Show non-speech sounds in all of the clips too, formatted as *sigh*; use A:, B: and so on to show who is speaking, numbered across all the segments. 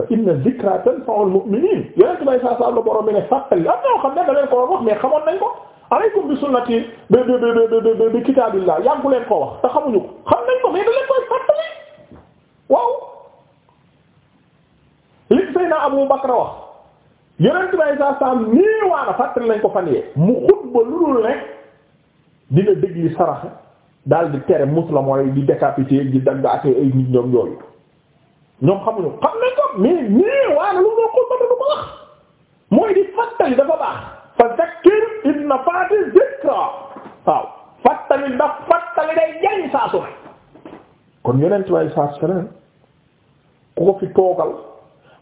A: fa inna dhikra tanfa'ul mu'minin yonent bay saa saa la borom bi ne fàttali am ñoo xam ne da leen ko wax mais xamoon nañ ko alaykum bi sunnati bi bi bi bi kitaabillah yàggu leen ko wax te xamuñu ko xam nañ ko mais da leen koy fàttali waaw li Seydina Abu Bakr wax yonent saa saa nii fàttali nañ ko fan yee mu xutba lu dul ne dina dégli sarax daal di tere mus la mooy di décapité di daggaate ay nit ñoom yooyu ñoom xamuñu xam nañ ko mais mais waaye lu ñu ko mën mooy di fàttali dafa baax. fa zakkir in nafa'ati zikra waaw fàttali ndax fàttali day jariñ saa su kon yeneen ci waay saa ku ko fi toogal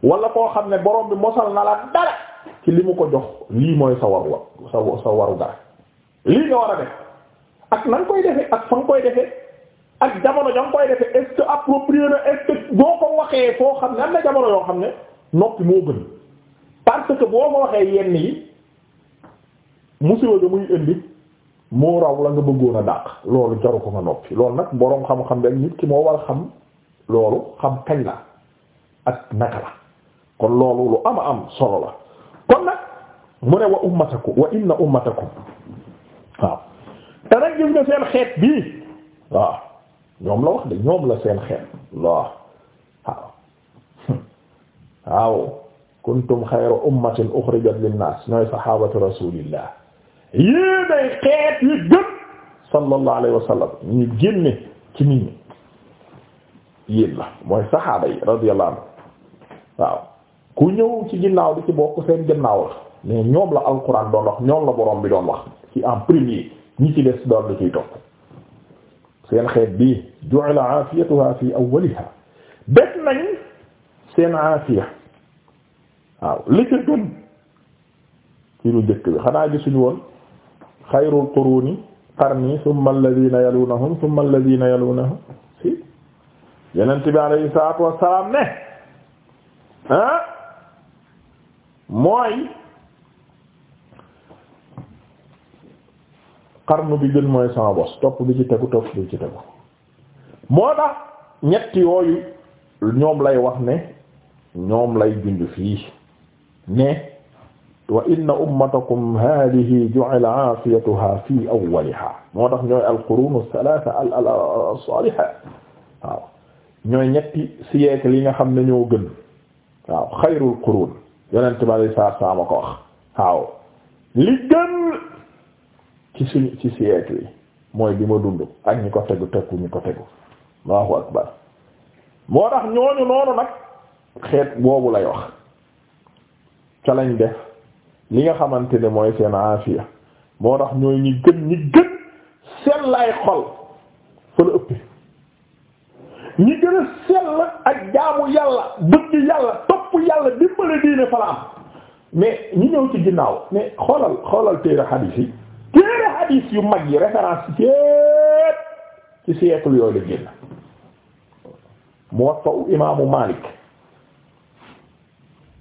A: wala koo xam ne borom bi mosal na la dara ci li mu ko jox lii mooy sa waru sa sa waru dara lii nga war a def ak nan koy defee ak fan koy defee. ak jamono ja boo ko waxee foo xam ne am yoo xam ne noppi moo gën parce que boo ko waxee yenn yi musiba ja muy indi moo raw la nga bëggoon a daax loolu jaru ko nga noppi loolu nag boroom xam-xam rek nit ki moo war xam loolu xam kañ la ak naka la kon loolu lu ama am solo la kon nag mu ne wa ummatakum wa inna ummatakum waaw te nag gis nga seen xeet bii waaw ñoom la wax de ñoom la seen xeet Allah waaw *laughs* waaw kuntum xayra ummatin uxrijat linnaas ñooy sahabatu rasulillah yéen ay xeet yi gën sallallahu alayhi wa ñu génne ci nit ñi yéen la mooy saxaaba yi radiyallahu anhu waaw ku ñëw ci ginnaaw di ci bokk seen ginnaaw la mais ñoom la alquran doon wax ñoom la borom bi doon wax ci en premier ñi ci des doon la ciy topp seen xeet bii ju'ila aafiyatuha fi awwaliha bet nañ seen aafiya waaw li ca gën ci lu njëkk bi xanaa gisuñu woon xayrul quruni qarni thumma alladhina yalunahum thumma alladhina yalunahum si yenent bi alayhi salaatu wassalaam ne ah mooy xarnu bi gën mooy sama bos topp bi ci tegu topp bi ci tegu moo tax ñett yooyu ñoom lay wax ne ñoom lay junj fii ne wa inna ummatakum hadihi ju'ila aafiyatuha fi awwaliha moo tax ñooy alqurunu thalatha al al as-saliha waaw ñooy ñetti siècle yi nga xam ne ñoo gën waaw xayrul qurun yonent bi alay saa saa ma ko wax waaw li gën ci suñu ci siècle yi mooy bi ma dund ak ñi ko tegu tekku ñi ko tegu Allahu akbar moo tax ñooñu noonu nag xeet boobu lay wax ca lañ def li nga xamante ne mooy seen aafiya moo tax ñooy ñi gën ñi gën sell xol fa la ëppee ñi gën a sell ak jaamu yàlla bëgg yàlla topp yàlla dimbale diine fa la am mais ñi ñëw ci ginnaaw mais xoolal xoolal téere xadiis yi téere hadith yu mag yi référence yépp ci siècle yooyu la génn Muwatta imaamu Malik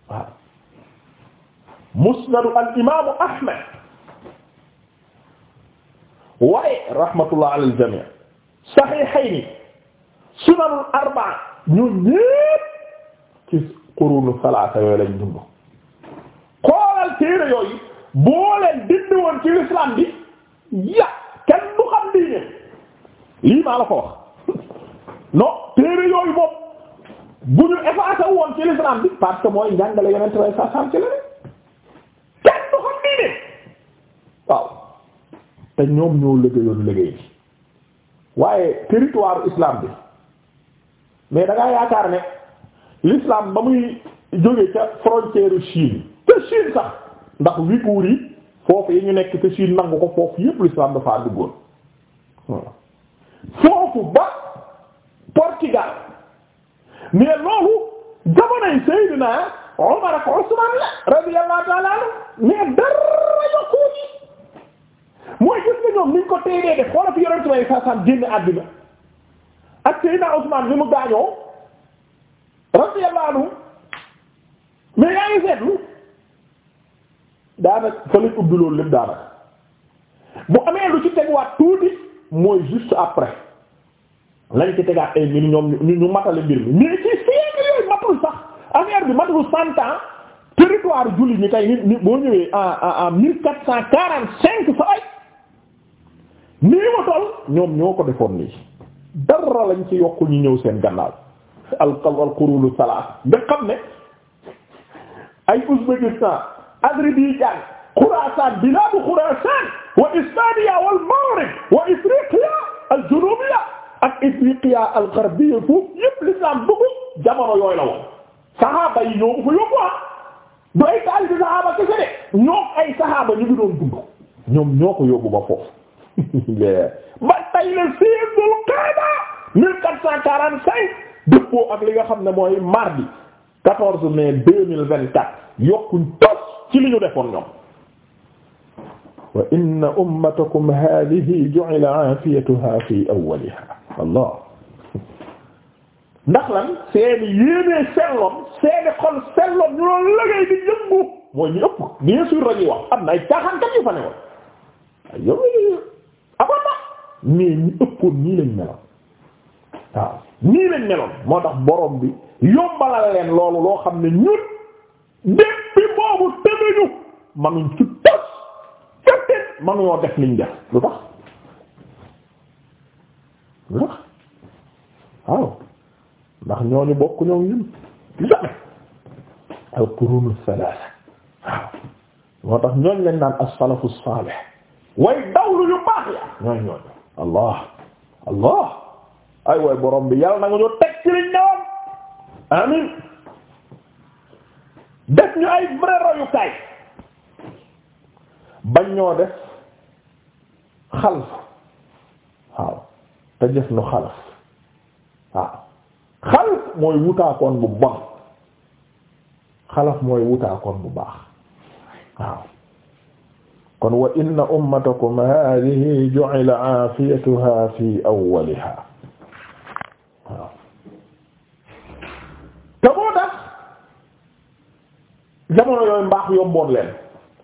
A: waaw Musnadu al imaamu Ahmad waaye rahmatullah ala al-jami' Sahihayni sunanul arba'a ñu ñépp ci qurunu salaasa yooyu lañ dund xoolal téere yooyu. boo leen dindi woon ci l'islam bi ya kenn du xam diine lii maa la ko wax non téere yooyu moom bu ñu effacé woon ci l'islam bi parce que mooy njàngale yeneen way sa san ci la ne kenn du xam diine waaw te ñoom ñoo liggéeyoon liggéey bi waaye territoire islam bi mais da yaakaar ne l'islam ba muy jóge ca frontière Chine te Chine sax ndax wikuur yi foofu yi ñu nekk te Chine nangu ko foofu yépp l'islam dafa àddugoon foofu ba Portugal mais loolu jamonoy Seydina Omar ak Usman la radiyallahu ta'ala anhu mais dara yokkuu mooy gis nga ñoom niñ ko teedee def xoola fi yonent may sa san génn àddina ak Seydina daanaka fa lañ ubbi loolu lépp daanaka bu amee lu ci teguwaat tuuti mooy juste après lañ ci tegaat ay mbir ñoom ñu ñu matale mbir mi mais ci siècle yooyu matul sax affaire bi matul cent territoire jullit ñi tey ni boo ñëwee en en mille quatre cent quarante cinq sa ay nii ma toll ñoom ñoo ko defoon nii dara lañ ci yokk ñu ñëw seen gannaaw al al qurunu salaas nga xam ne ay Ouzbékistan Azerbaïdjan Khurasan bilaadu Khurasan wa Ismaniya wal Maghrib wa Ifriqiya al ak Ifriqiya al foofu yëpp l'islam dugg jamono yooyu la woon. saxaaba yi ñoo ko fa yóbbu ah du ay taalibi saxaaba kese de ñoo ay saxaaba ñu ngi doon dund ñoom ñoo ko yóbbu ba foofu ba tay le six Dul Qaada 1445 dëppoo ak li nga xam ne mooy mardi 14 yokkuñ tos. ci li ñu defoon ñoom wa inna ummatakum hadhihi ju'ila aafiyatuha fi awwaliha allah ndax lan seeni yéenee selloon seeni xol selloon ñu doon liggéey di yëngu mooy ñu ëpp bien sûr dañuy wax am na ay caaxaankat yu fa ne ay yow amoon na mais ëppoon nii lañ meloon nii lañ meloon moo tax borom bi yombalal leen loolu loo xam ne ñun depuis boobu nañu manuñ ci tas fekk manuñoo def liñ def lu tax lu tax waaw ndax ñooñu bokk ñoo ñun jamais al qurunu salaasa waaw moo tax ñooñ lañ naan as-salafu salih way dawlu yu baax ya ñooñ ñooñ allah allah ay way borom bi yàlla na nga ñu teg ci liñ def ñu ay vrai royukaay bañ ñoo def xalf waaw te def nu xalf waaw xalf mooy wutaakoon bu bon xalaf mooy wutaakoon bu baax waaw kon wa inna ummatakum hadhihi ju'ila afiyatuha fi awwaliha jamono yooyu mbaax yomboon leen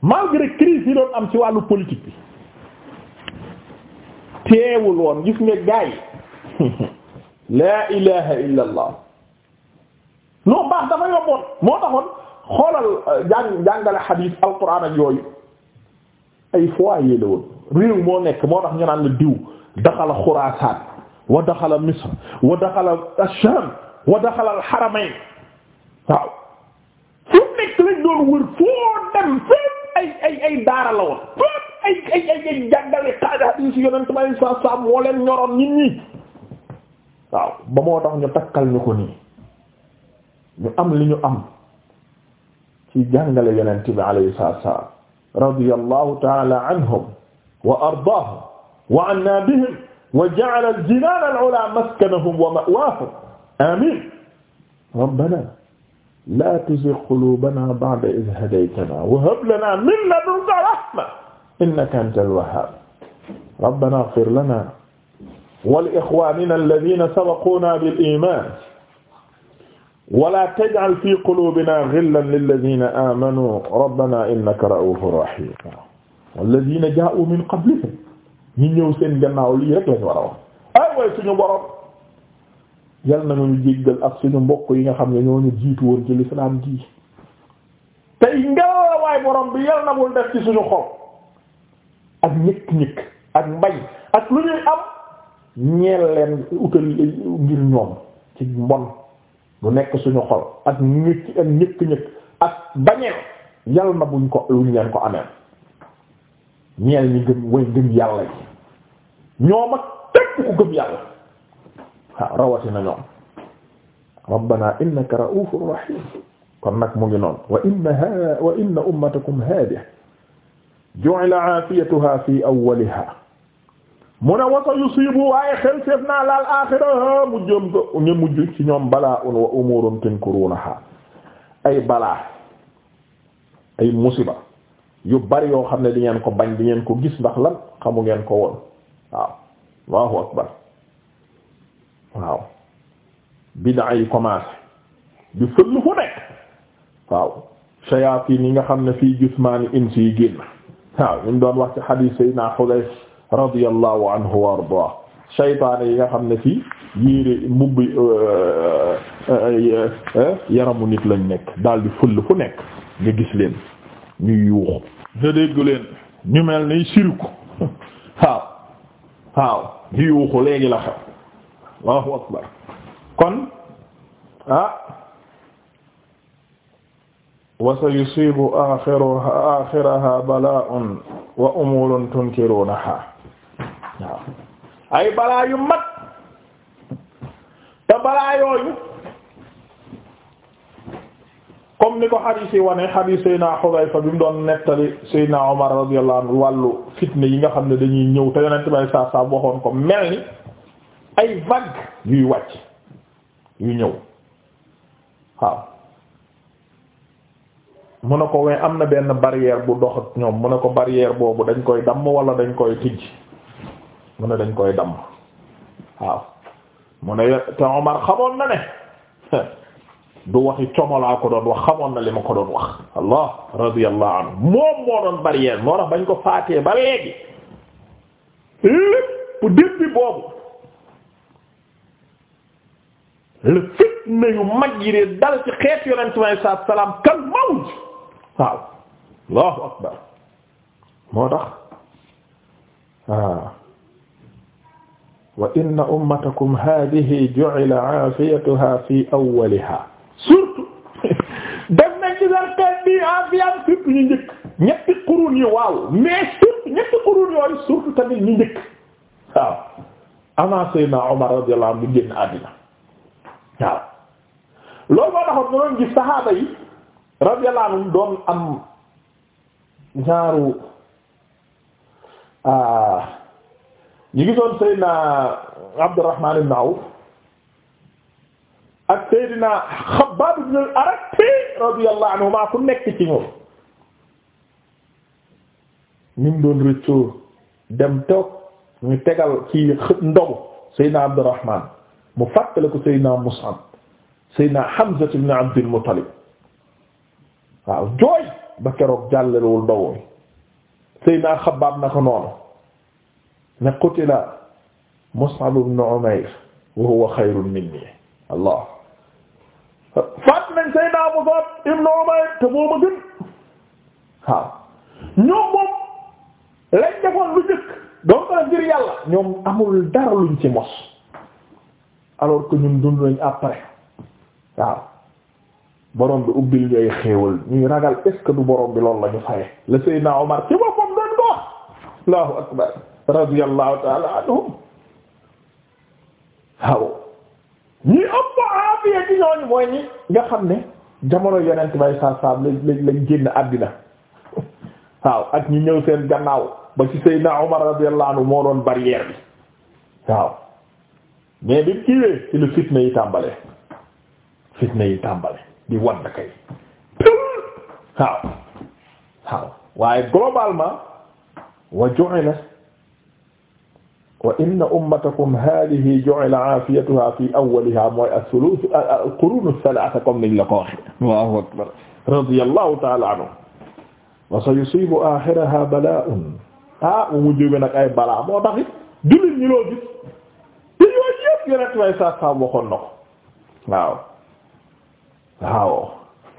A: malgré crise yi doon am ci wàllu politique bi teewul woon gis nga gaay laa *laughs* ilaha illa allah non mbaax dafa yomboon moo taxoon xoolal euh, jàng jàngale xadiis alquran ak yooyu ay foyer la woon réew moo nekk moo tax ñu naan la diw daxala xuraasaan wa daxala misr wa daxala asham wa daxala alxaramayn waaw nekk lañ doon wër foo dem fépp ay ay ay daara la woon fépp ay ay ay ay jàngale xaajaat yi si yonent bi alayhi salaatu salaam moo leen ñoroon nit ñi waaw ba moo tax ñu takkal ñu ko nii ñu am li ñu am ci jàngale yonent bi alayhi salaatu salaam radiyallahu ta'ala anhum wa ardaahum wa anna bihim wa ja'ala al-jinaana al-'ulaa maskanahum wa ma'waahum amiin rabbanaa laa tuzigh quluubanaa ba'da idh hadaytanaa wa hab lanaa min ladunka rahma innaka antal wahhaab rabbanaa ighfir lanaa wa li ikhwaaninaa allaziina sabaquunaa bil iimaan wa laa taj'al fii quluubinaa ghillan lillaziina aamanuu rabbanaa innaka ra'uufun rahiim wallaziina jaa'uu min qablihim ñu ñëw seen gannaaw lii rek lañu war a wax ay way suñu borom yal na ñu suñu mbokk yi nga xam ne ñoo ñu jiitu woon ci lislaam ji tey ngelaw waay borom bi yal na bul def ci suñu xol ak ñëkk-ñëkk ak mbay ak lu ñuy am ñeel leen utal ngir ñoom ci mbon lu nekk suñu xol ak ñëkk ñëkk ak bañeel yal na buñ ko luñ leen ko amee ñeel ñi gëm way gëm yàlla yi ñoom ak képp ku gëm yàlla waaw rawatina ñoom rabbana innaka ra'ufur rahim kon nag mu ngi noonu wa inna ha wa inna ummatakum haadihi ju'ila 'aafiyatuha fi awwaliha mu ne wa sayusiibu waaye xel seef naa laal aaxira mu jëm ko ñu mujj ci ñoom balaa un wa umuurun tunkiruunaha ay balaa ay musiba yu bari yoo xam ne di ngeen ko bañ di ngeen ko gis ndax lan xamu ngeen ko woon waaw allahu akbar waaw bid'a yi commencé di fël fu nekk waaw shayatin yi nga xam ne fii jismaani insi yi génn waaw ñu doon wax ci hadith sayyidina Hudayf radiyallahu anhu wa ardaah shaytaane yi nga xam ne fii yéere mbubb euh, euh, euh, yaramu nit lañ nekk daal di fël fu nekk nga gis leen ñuy yuuxu nga dégg leen ñu mel ni sirku *laughs* waaw waaw ñu yuuxu léegi la xew allahu akbar kon ah wa sa yusibu axiruha axiraha bala'un wa umulun tunkirunaha ay balaa yu mag te balaa yooyu comme ni ko xadiis wane xadiis Seydina Xudayfa bi mu doon nettali Seydina Omar radiyallahu anhu wàllu fitne yi nga xam ne dañuy ñëw te yonent bay saa saa waxoon ko mel ni ay vague yuy wàcc yu ñëw waaw mu ne ko we am na benn barrière bu dox ak ñoom mu ne ko barrière boobu dañ koy damm wala dañ koy tijj mu ne dañ koy damm waaw mu ne te Omar xamoon na ne *laughs* du waxi como ko doon wax xamoon na li ma ko doon wax allah radiyallahu anhu moom moo doon barrière moo tax bañ ko faatee ba léegi lépp débbi boobu le fitna yu mag yi de dal ci xeet yonent bi alayhi salaatu salaam kal mawj waaw allahu akbar moo tax ah wa inna ummatakum hadihi ju'ila aafiyatuha fi awwaliha surtout *laughs* def nañ ci seen xeet bi aafiyam surtout ñu njëkk ñetti quruun yi waaw mais surtout ñetti quruun yooyu surtout tamit ñu njëkk waaw avant Seydina Omar radiyallahu anhu génn àddina waaw loolu moo taxoon ñu doon gis saxaaba yi radiyallahu anhum doon am ñaaru ah ñu gisoon Seydina Abdurrahman ibn Awf ak Seydina Xabbaab ibn al-Aratti radiyallahu anhuma ku nekk ci ñoom ñu ngi doon rëccoo dem toog ñu tegal ci ndogu Seydina Abdurrahman mu fàttale ko Seydina Mus'ab Seydina Hamza ibn Abdul Muttalib waaw jooy ba keroog jàllewul ndawooy Seydina Xabbaab na ko noonu ne qutila Mus'ab ibn Umayr wa huwa xayrun minni Allah faat nañ Seydina Mus'ab ibn Umayr te moo ma gën waaw ñoom moom lañ defoon lu jëkk doon ko ngir yàlla ñoom amul dara luñ ci mos alors que ñun dund nañ après waaw borom bi ubbil ñooy xéewal ñuy ragal est ce que du borom bi loolu la ñu faye le Seydina Omar ci doon ko Allahu akbar radiyallahu ta'ala anhum waaw ñi ëpp aafiya ci ñooñu mooy ñi nga xam ne jamono yonent bay saab-saab lañ lañ génn àddina waaw ak ñi ñëw seen gannaaw ba ci Seydina Omar radiyallahu anhu moo doon barrière bi waaw mais bi kiiwee ci lu fitna yi tàmbalee fitna yi tàmbale di wadd kay waaw waaw waaye globalement wa ju'ila wa inna ummatakum hadhihi ju'ila afiyatuha fi awwaliha mooy as-sulus al-qurun ath-thalatha comme niñ la ko waxe Allahu akbar radiyallahu ta'ala anhu wa sayusibu akhiraha bala'un ah mu mujj nag ay balaa moo taxit jullit ñi loo gis yépp yonent way sa sa waxoon na ko waaw waaw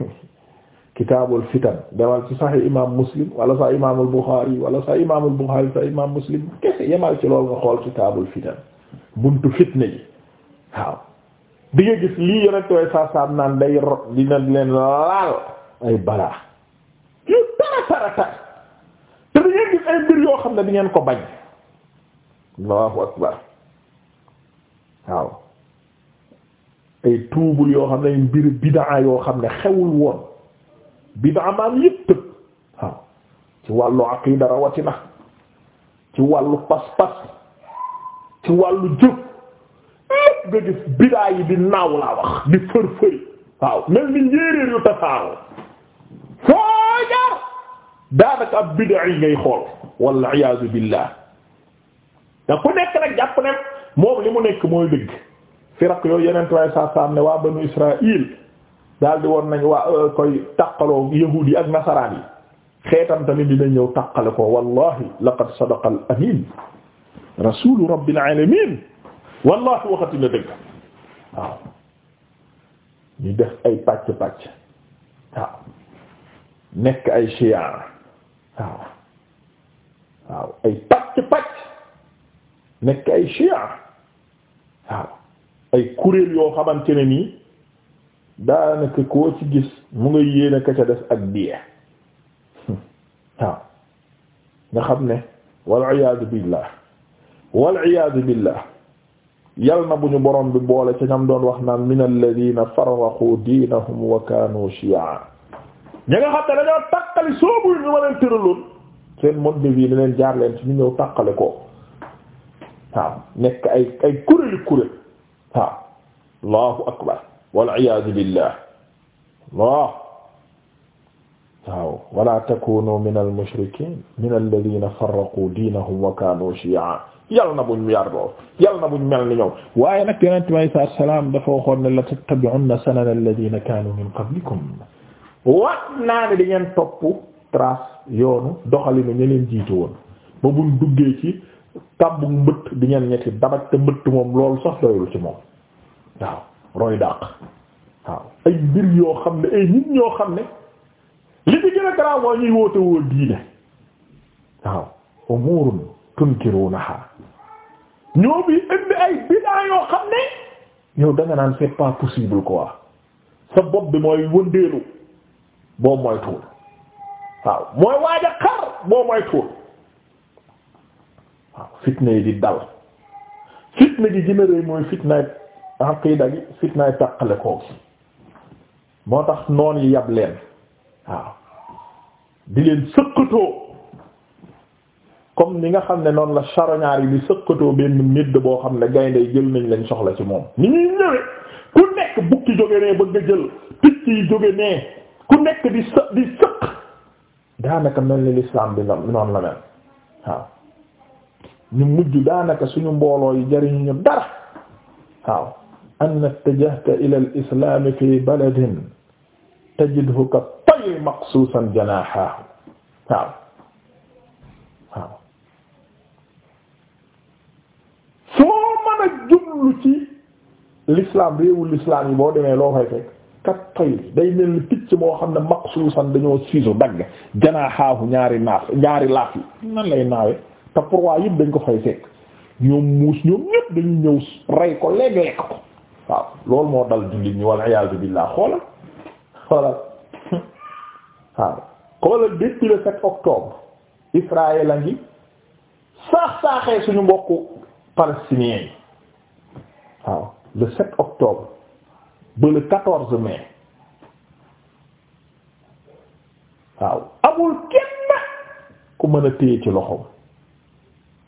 A: *laughs* kitaabul fitan demal ci sahih imam muslim wala sa imamul bukhari wala sa imamul bukhari sa imam muslim kese yemal ci loolu nga xool kitaabul fitan buntu fitna ji waaw di nga gis lii yonent way sa naan day ro dina leen laal ay balaa yu tara tara tar te di ngeen gis ay mbir yoo xam ne di ngeen ko bañ allahu akbar waaw ay tuubul yoo xam ne mbir bidaa yoo xam ne xewul woon bidaa maam yëpp tëb waaw ci wàllu aqida rawatina ci wàllu pas-pas ci wàllu jëf lépp nga gis bidaa yi di naaw laa wax di fër-fëri waaw mel ni njéeréer yu tasaaroo foo jaar daanaka ab bidaa yi ngay xool wal iyaadu billah da ku nekk nag jàpp ne moom li mu nekk mooy dëgg firaq yooyu yeneen tuwaay saa saa ne waa banu Israël daal di woon nañ waa euh, koy taqaloo yahuud yi ak nasaraan yi xeetam tamit dina ñëw taqale ko wallahi laqad sadaqa amin rasulu rabbil alamin wallahi waxati dëgg waaw def ay pàcc pàcc nekk ay shiyaa waaw ay pàcc pàcc nekk ay shiyaa waaw ay kuréel yoo xamante ne nii daanaka koo ci gis mu nga yéena ka ca des ak biir *laughs* waaw nga xam ne wal iyaadu billah wal iyaadu billah yal na bu ñu borom bi boole ca ñam doon wax naan min alladina farraqu diinahum wa kaanu shiyaa ñi nga xam ne dañoo takkali soobu ñu ma leen tëraloon seen mode de vie leen jaar leen ci ñu ñëw takkale ko waaw nekk ay ay kuréli kurél waaw allahu akbar waliyasu billah allah waaw wala takunu min almushrikin min alladina farraqu diinahum wa kanu shi'a yal na buñ yardoo yal na buñ mel ni ñoom waaye nag yonente bi alayhi salaatu wa salaam dafa waxoon ne la tattabi'unna sanana alladina kaanu min qablikum wat naa ne di ngeen topp trace yoonu doxalinu ñu leen jiitu woon ba buñ duggee ci kàmbu mbëtt di ngeen ñetti dabaj te mbëtt moom loolu sax doyul ci moom waaw roy dàq waaw ay mbir yoo xam ne ay nit ñoo xam ne ñuy woote woo diine waaw umurun tunkirunaha ñoo bi indi ay bidaa yoo xam ne yow da naan c'est pas possible quoi sa bopp bi mooy wëndeelu boo moytuwul waaw mooy waaj a xar boo moytuwul waaw fitna yi di dal fitna gi gën a rëy mooy fitnaay aqiida gi fitnaay tàqale koo gi moo tax noon yi yab leen waaw di leen sëqatoo comme ni nga xam ne noonu la charognard yi di sëqatoo benn médd boo xam ne gaynde jël nañ leen soxla ci moom ni ñuy ñëwee ku nekk bukki jóge nee bëgg a jël picc yi jóge nee ku nekk di së di sëq daanaka mel ni l'islam bi noonu la mel waaw ñu mujj daanaka suñu mbooloo jariñ jariñu ñu dara waaw an ittajahta ila al fi baladin tajidhu ka tayr maqsuusan janaahaahu waaw waaw soo mën a jublu ci l'islam réewul l'islam yi boo demee loo fay fekk kat tayr day mel picc moo xam ne maqsuusan dañoo siisu dagg janaahaahu ñaari naaf ñaari laaf yi nan lay naawe te pourwaa yëpp dañ ko fay fekk ñoom muus ñoom ñëpp dañu ñëw rey ko léegi lekk ko waaw loolu moo dal jullit ñi wal iyaazu billaah xoolal xoolal *laughs* waaw xoolal depuis le 7 octobre Israël a ngi saax saaxee suñu mbokku palestiniens yi waaw le 7 octobre ba le 14 mai waaw amul kenn ku mën a téye ci loxoom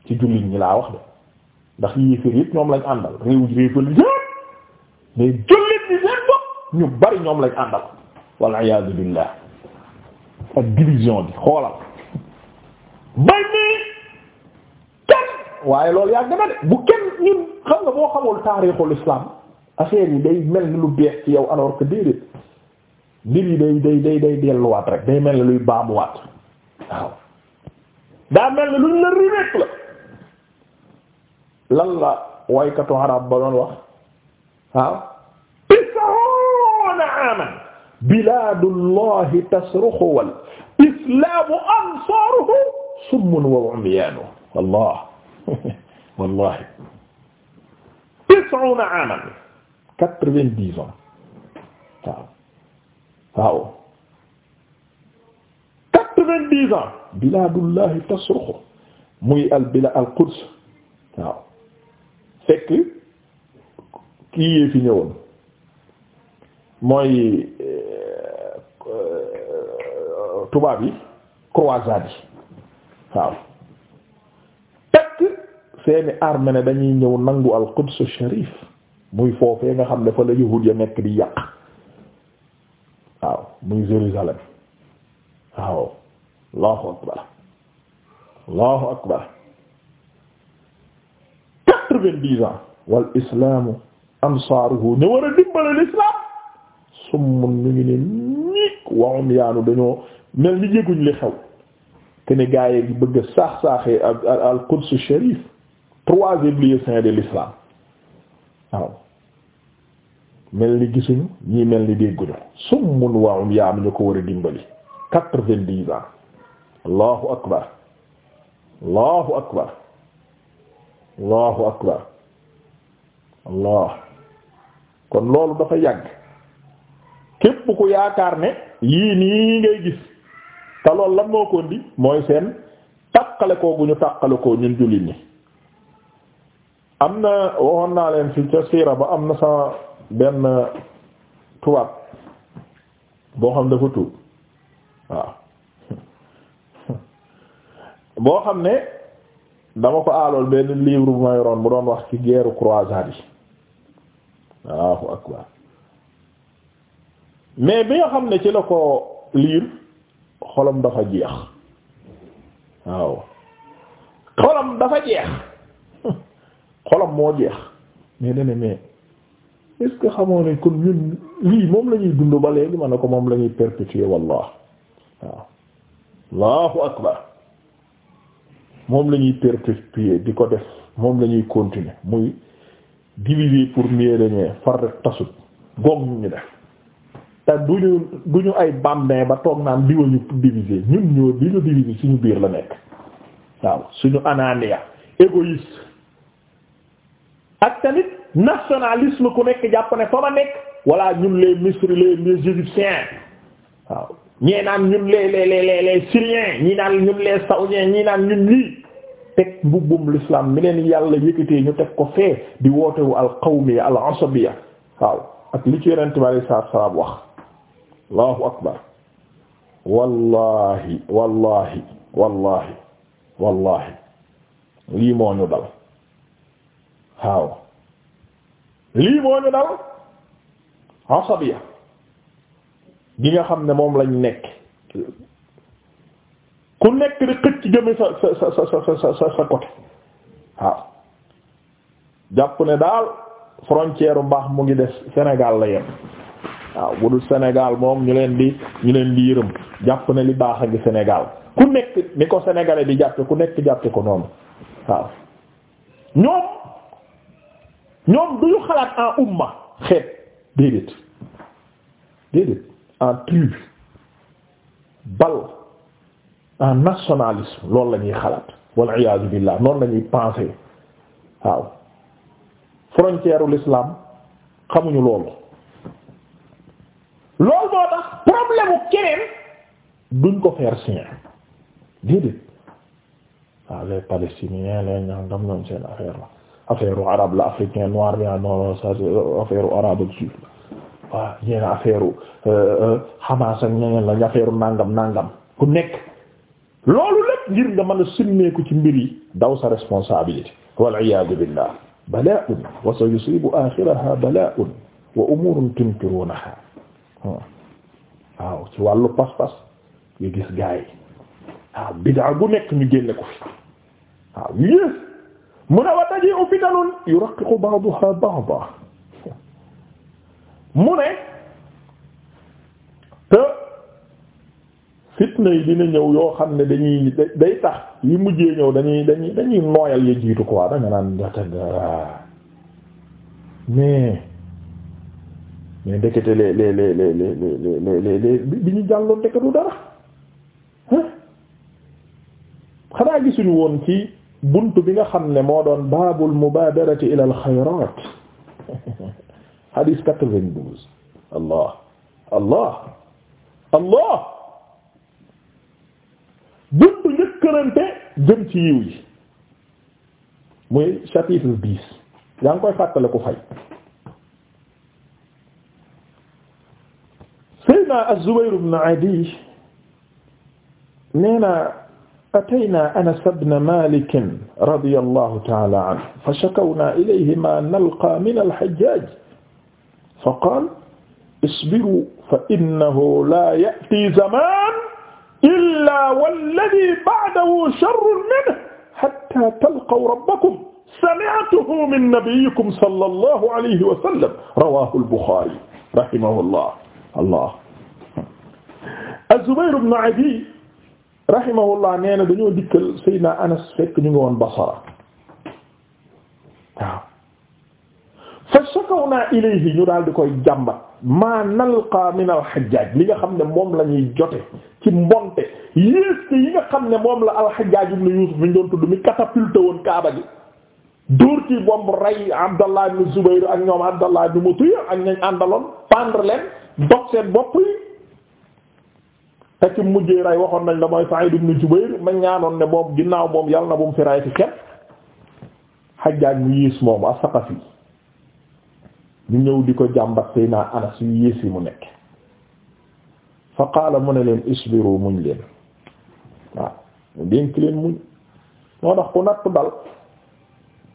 A: ci jullit ñi laa wax de ndax yéeféer yëpp ñoom lañ àndal réew réefal yëpp mais jullit ñi seen bopp ñu bari ñoom lañ àndal walla iyaazu billaah ak division bi xoolal bay nii kenn waaye lool yàgg na de bu kenn ñun xam nga boo xamul taariixul islam affaire yi day mel ni lu bees ci yow alors que déedéet mbir yi day day day day delluwaat rek day mel ni luy baamuwaat waaw daa mel ni luñ la rireek la lan la waykatu arab ba doon wax waaw tis'uuna aaman bilaadullahi tasruxu wal islaamu ansaaruhu summun wa umyaanuhu wallah *laughs* wallahi tis'uuna aaman quatre-vingt-dix ans waaw waaw quatre-vingt-dix ans bilaadullahi tasruxu muy al bila al quds waaw fekk kii yee fi ñëwoon mooy euh, tubaab yi croisade yi waaw fekk seeni armée ne dañuy ñëw nangu al Quds sharif muy foofee nga xam ne fa la yahuud ya nekk di yàq waaw muy Jérusalem waaw allahu akbar allahu akbar quatre-vingt-dix ans wal islaamu ansaaruhu ne war a dimbale l'islam summun ñu ngi ne ñiik waxum yaanu dañoo mel ni jéguñ li xew te ne gaaye gi bëgg saax saaxee al Quds sharif troisième lieu saint de l'islam waaw mel ni gisuñu ñii mel ni dégguñu summun waxum yaanu ñu ko war a dimbali quatre-vingt-dix ans allahu akbar allahu akbar allahu akbar allah kon loolu dafa yàgg képp ku yaakaar ne yii nii ngay gis te loolu lan moo mooy seen tàqale ko gu ñu tàqale ko ñun jullit ñi am na waxoon naa leen fi ca siira ba am na sa benn tubaab boo xam dafa tuub waaw *laughs* boo xam ne dama ko aalool benn livre bu ma yoroon mu doon wax ci geeru croisade yi waaw akbar mais bi nga xam ne ci la ko liir xolam dafa jeex waaw xolam dafa jeex *laughs* xolam moo jeex mais dana mais est que xamoo ne kon lii moom la ñuy dund ba léegi man ne ko moom la ñuy perpétuer wallah waaw allahu akbar moom la ñuy perpétuer di ko def moom lañuy ñuy muy diviser pour mieux far rek tasut goog ñu def te duñu duñu ay bambin ba toog naan diwa ñu diviser ñun ñoo di ñu diviser suñu biir la nekk waaw suñu anania égoïste ak tamit nationalisme ku nekk jàpp ne fa ma nekk walla ñun les misri les les égyptiens waaw ñee naan ñun les les les les syriens ñii naan ñun les saoudiens ñii naan ñun lii teg mbubbum l'islam mi leen yàlla yëkkatee ñu teg ko fee di wootewu al qawmiya al asabiya waaw ak li ci yonente bi alei salaatu salaam wax allahu akbar wallahi wallahi wallahi lii moo ñu dal waaw lii moo ñu dal asabiya gi nga xam ne moom lañ nekk ku nekk di xëcc jëme sa sa sa sa sa sa côté waaw jàpp ne daal frontière bu baax mu ngi des Sénégal la yem waaw bu dul Sénégal moom ñu leen di ñu leen di yërëm jàpp ne li baax a ngi Sénégal ku nekk ni ko sénégalais di jàppe ku nekk jàppe ko noonu waaw ñoom ñoom duñu xalaat en umma xeet déedéet déedéet en tribu bal en nationalisme loolu la ñuy xalaat wal iyaazu billah noonu la ñuy waaw frontière u l'islam xamuñu loolu loolu moo problème u keneen duñ ko faire sien déedéet waaw ah, les palestiniens les ñangam ñoom seen affaire la affaire u la africain noir bi non non ça c'est euh, affaire u ak juif la waaw ñeen affaire euh, euh, Hamas ak nangam nangam ku nekk loolu lépp ngir nga mën simmeeku ci mbir yi daw sa responsabilité wal iyaadu billah bala'un wa sa yusibu axiraha bala'un wa umurun tunkirunaha hmm. waaw ci wàllu pas-pas yu gis gaay waaw bid'a gu nekk ñu génne ko fi waaw yées mu ne wa taji'u fitanun yuraqiqu ba'daha ba'dan mu ne te fitna yi dina ñëw yoo xam ne dañuy day tax yi mujjee ñëw dañuy dañuy dañuy nooyal ya jiitu quoi danga naan data gaa mais mais ndekete lee lee lee lee lee lee lee bi ñu jàlloon ndeke du dara xanaa gisuñu woon ci bunt bi nga xam ne moo doon baabul mubaadarati ila al hadith quatre-vingt-douze allah allah allah buntu njëkkërante jëm ci yiw yi muy chapitre dix yaa ngi koy fàttale ko fay Seydina Az-Zubayr ibn Adi nee na atayna Anas ibn Malik radiyallahu ta'ala anhu fa shakawna ilayhi ma nalqa min al-Hajjaj fa qaal isbiru fa innahu la ya'ti zaman illa walladhi ba'dahu sharrun minhu hatta talqaw rabbakum sami'tuhu min nabiyyikum sallallahu alayhi wa sallam rawahu al-Bukhari rahimahullah allah az-Zubayr ibn Adi rahimahullah nee na dañoo dikkal Seydina Anas fekk ñu ngi woon Basra waaw shakawna ilayhi ñu daal di koy jàmbat maa nalqa min alxajjaaj li nga xam ne moom lañuy ñuy jote ci mbonte yées yi nga xam ne moom la alxajjaaj ibn Yuusuf ñu doon tudd mi catapulté woon Kaaba gi dóor ci bomb rey Abdallah ibn Zubayr ak ñoom Abdallah ibn Mutiya ak ñañ àndaloon pendre leen seen bopp yi te ci mujjee rey waxoon nañ la mooy Sa'id ibn Jubayr ma ñaanoon ne moom ginnaaw moom yàlla na bu mu fi ci kenn Hajjaj mu yées moom as ñu ñëw di ko jàmbat Seydina Anas yu yées yi mu nekk fa qaala mu ne leen isbiru muñ leen waaw mu dénk leen muñ moo tax ku natt dal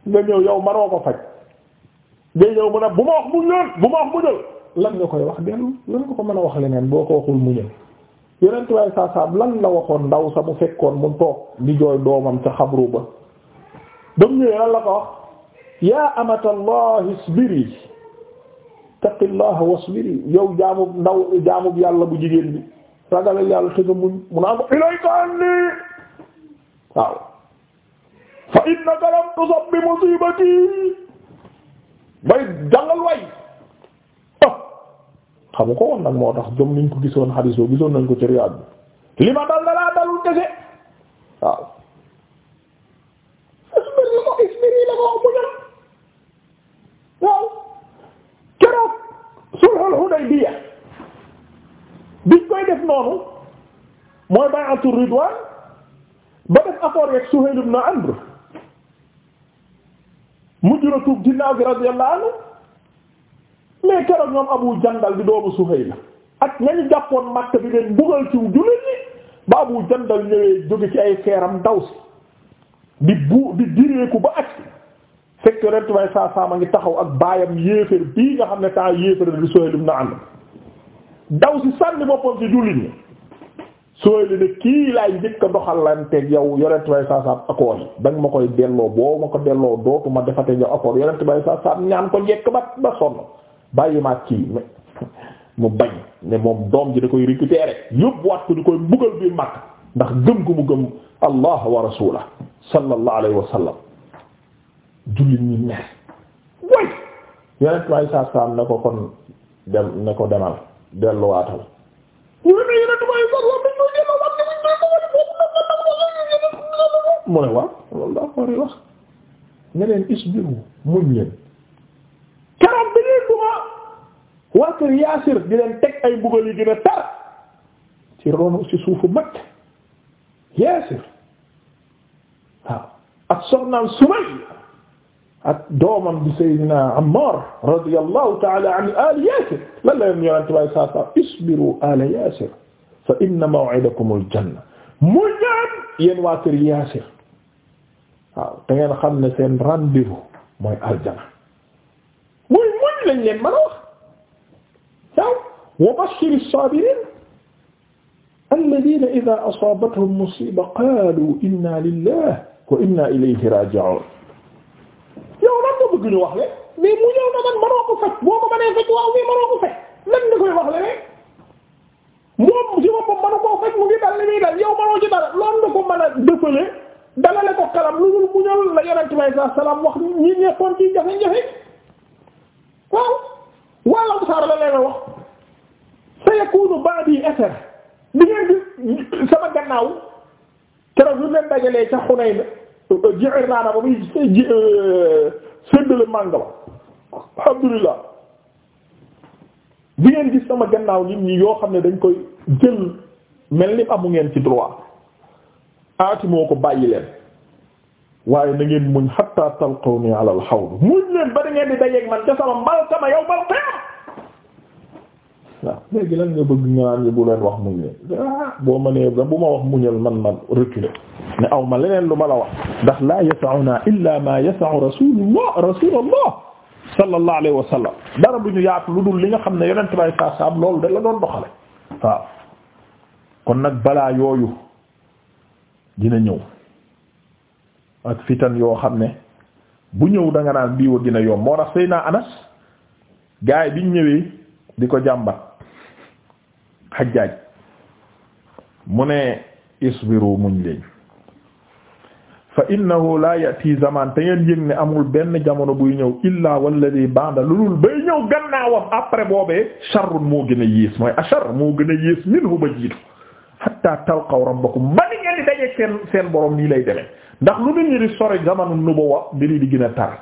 A: nga ñëw yow manoo ko faj ngay ñëw mën bu ma wax muñ leen bu ma wax muñal lan nga koy wax dellu lan nga ko mën a wax leneen boo ko waxul muñal yeneen tubaab saa saa lan la waxoon ndaw sa mu fekkoon mu toog di jooy doomam ca xabru ba ba ñëwee lan la ko wax yaa amatallah isbiri ittaqillaha wasbiri yow jaamub ndaw jaamub yàlla bu jigéen bi ragalal yàlla te nga mu naa ko ilayka anni waaw fa innaka lam tusab bi musibati bay jàngal way ah oh, xamu ko woon nag moo tax jom niñ ko gisoon xadiis boobu gisoon nañ ko ci riyaad bi li dal dalaa dalul kese waaw Hudaybiya biñ koy def noonu mooy bay'atu ridwaan ba def accord yeeg Suhayl ibn Amr mujj na tuub gi bi radiyallahu anhu mais keroog ñoom Abu Jandal di doomu Suhayl ak nañu jàppoon Makka bi leen bugal ci jullit ñi ba Abu Jandal ñëwee jóge ci ay feeram daw si di bu di direeku ba agsi fekk yonent bay saa saa ma ngi taxaw ak baayam yéeféer bii nga xam ne temps yéeféer di Suhayl ibn Amr daw si sànni boppam si jullit ñi Suhayl ne kii laay njëkk a doxalanteeg yow yonent bay saa saa accord yi da nga ma koy delloo boo ma ko delloo dootuma defate nga accord yonent bay saa saa ñaan ko njëkk ba ba sonn bàyyi ma kii *laughs* mu bañ ne moom doom ji da koy récupérer yóbbuwaat ko di koy mbugal bi mag ndax gëm gu mu gëm Allah wa rasuulahu sallallahu alayhi wa sallam jullit ñi mer way yonent waaye saa saam ne ko kon dem ne ko demal delluwaatal ñu wax loolu daa ko wax ne leen isbiru muñ leen keroog bi ñuy duma waa kër yaasir di leen teg ay mbugal yi gën a tar ci ronu ci suufu mag yaasir waaw ak soxnaam Sumayya ak doomam bi Seydina Ammar radiyallahu ta'ala an ali Yaasir lan la leen yonent bi saa saa isbiru ala Yaasir fa inna maw'idakumul janna mu ñaan yéen waa kër Yaasir waaw da ngeen xam ne seen rendez-vous mooy aljana muy muñ lañ leen mën a wax waaw wa bashiri saabiriin alladhiina idhaa asaabathum musiiba qaaluu inna lillahi wa inna ilayhi raaji'uun bëgg ñu wax le mais mu ñëw na manoo ko faj boo ko mënee faj waaw mais manoo ko faj lan nga koy wax le moom si boppam manu koo faj mu ngi dal li muy dal yow manoo ci dara loolu nga ko mën a dëfale dalale ko kalam lu dul muñal la yonent bi saa salaam wax ñi nekkoon ci jafe-jafe waaw walla Ansaar la leen wax sayakunu ba'di athar di ngeen di sama gannaaw keroog lu leen dajalee ca Xunayn Ji'irraana ba muy euh, séddale mànga la alhamdulilah bi ngeen gis sama gannaaw nit ñi yoo xam ne dañ koy jël mel ni amu ngeen ci droit aati moo ko bàyyi leen waaye na ngeen muñ hatta talqawni ala al hawd muñ leen ba da ngeen di dajeek man ca sama mbalkama yow mal qiyam waaw léegi lan nga bëgg ñu naan ñu bu leen wax muñ leen ah, boo ma nee bu ma wax muñal man man reculer ne aw ma leneen lu ma la wax ndax la yasa'una illa ma yasa'u rasulullah rasulullah sallallahu alayhi dara bu ñu yaatu lu dul li nga xam ne yonent bay sasab loolu da la doon doxale waaw kon nag balaa yooyu dina ñëw ak fitan yoo xam ne bu ñëw da nga naan bii wa dina yomb moo tax Seyna Anas gaay biñ ñëwee di ko jàmbat xajjaaj mu ne isbiru muñ leen fa innahu la yati zaman te ngeen yëg ne amul benn jamono buy ñëw illa walladi ba'da lulul bay ñëw gannaawam après boobee sharrun moo gën a yées moo gën a yées minhu ba jiitu hatta talqaw rabbakum ba ni ngeen seen seen borom nii lay demee ndax lu nit ñi di sori zamanu nubuwa mbiri di gën a tar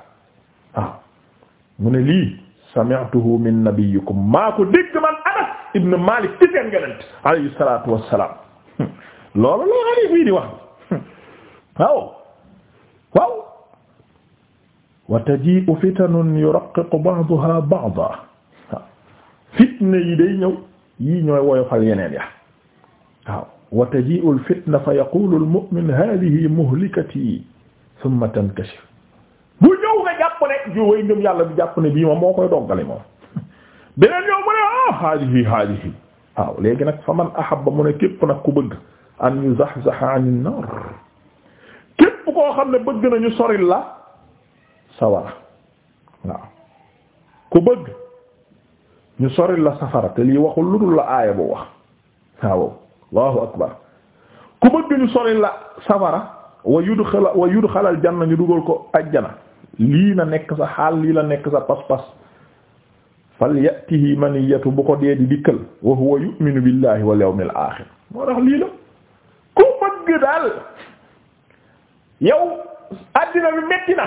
A: mu ne lii sami'tuhu min nabiyikum maa ko dégg man Anas ibn Malik ci seen yonent alayhi salaatu wassalaam loolu loo xadis bii di wax waaw waaw wa taji'u fitanun yuraqqiqu ba'daha ba'dan fitna yi day ñëw yii ñooy woyofal yeneen ya waaw wa taji'u al-fitna fa yaqulu al-mu'min hadhihi muhlikati thumma tankashif bu ñëw nga jàpp ne ju way yàlla bi jàpp ne bii moom moo koy doggale moom beneen yow mu ne ah haadihi haadihi waaw léegi nag fa man ahabba mu ne képp nag ku bëgg an yuzahzaha anin nar képp koo xam ne bëgg nañu soril la sawara waaw ku bëgg ñu soril la safara waxul lu la aaya bu wax waaw allahu akbar ku bëgg ñu soril la safara wa yudxala wa yudxala aljanna ñu dugal ko ajjana lii na nekk sa xaal lii la nekk sa pas-pas fal yatihi maniyatu bu ko dee di dikkal wa huwa yu'minu billahi wal yawmil aaxir moo tax lii la ku bëgg daal yow àddina bi metti na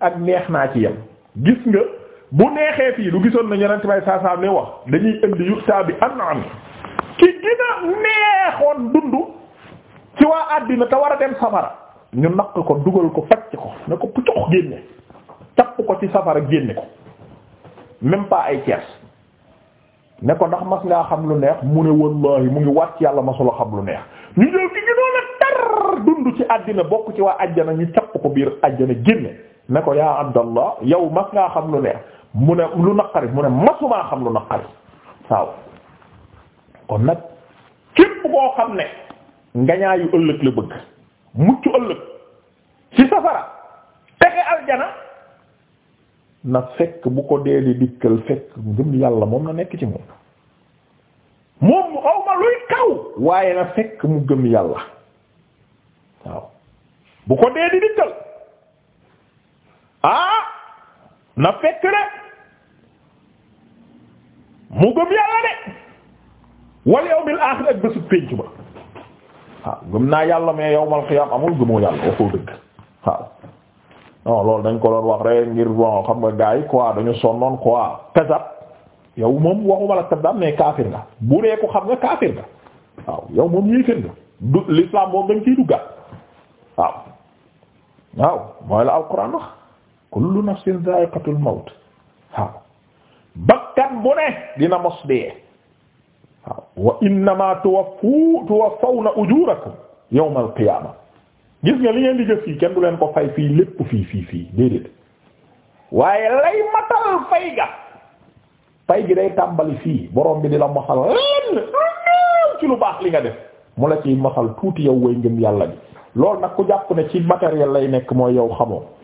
A: ak neex naa ci yam gis nga bu neexee fii lu gisoon na ñeneen bay saa saa ne wax dañuy indi yu'ta bi an'am ki gën a neexoon dund ci waa àddina te war a dem safara ñu naq ko dugal ko facc ko ne ko puccox génne capp ko ci safara génne ko même pas ay tiers ne ko ndax mas ngaa xam lu neex mu ne wallahi mu ngi wàcc yàlla masula xam lu neex ñu ci àddina bokk ci waa àjjana ñu capp ko biir àjjana génne ne ko yaa abdallah yow mas ngaa xam lu neex mu ne lu naqari mu ne masumaa xam lu naqari waaw kon nag képp koo xam ne ngañaayu ëllëg la bëgg mucc ëllëg ci safara texe aljana na fekk bu ko dee di dikkal fekk ngëm yàlla moom na nekk ci moom mu xaw ma luy kaw waaye na fekk mu gëm yàlla waaw bu ko dee di dikkal ah. na fekk de mu gëm yàlla de wal yawmil aaxir ak bésu pénc ba waaw gëm naa yàlla mais yawmal xiyaam amul gëmoo yàlla waxoo dëgg waaw non loolu dañ ko doon wax rek ngir xam nga gars yi dañu sonnoon quoi kasab yow moom waxuma la kasab mais kaafir nga waaw yow moom yéefir nga du l'islam moom dañ ciy duggaat waaw waaw mooy la alquran wax kullu nafsin dha'iqatul mawt waaw bakkan bu ne dina mos dee waaw wa innama tuwaffu tuwaffawna ujurakum yawmal qiyaama gis nga li ngeen di jëf fii kenn du leen ko fay fii lépp fii fii fii déedéet waaye lay matal fay ga fay gi day tàmbali fii borom bi di la maxal lenn ci lu baax li nga def mu la ciy maxal tuuti yow way ngëm yàlla bi loolu nag ku jàpp ne ci matériel lay nekk mooy yow xamoo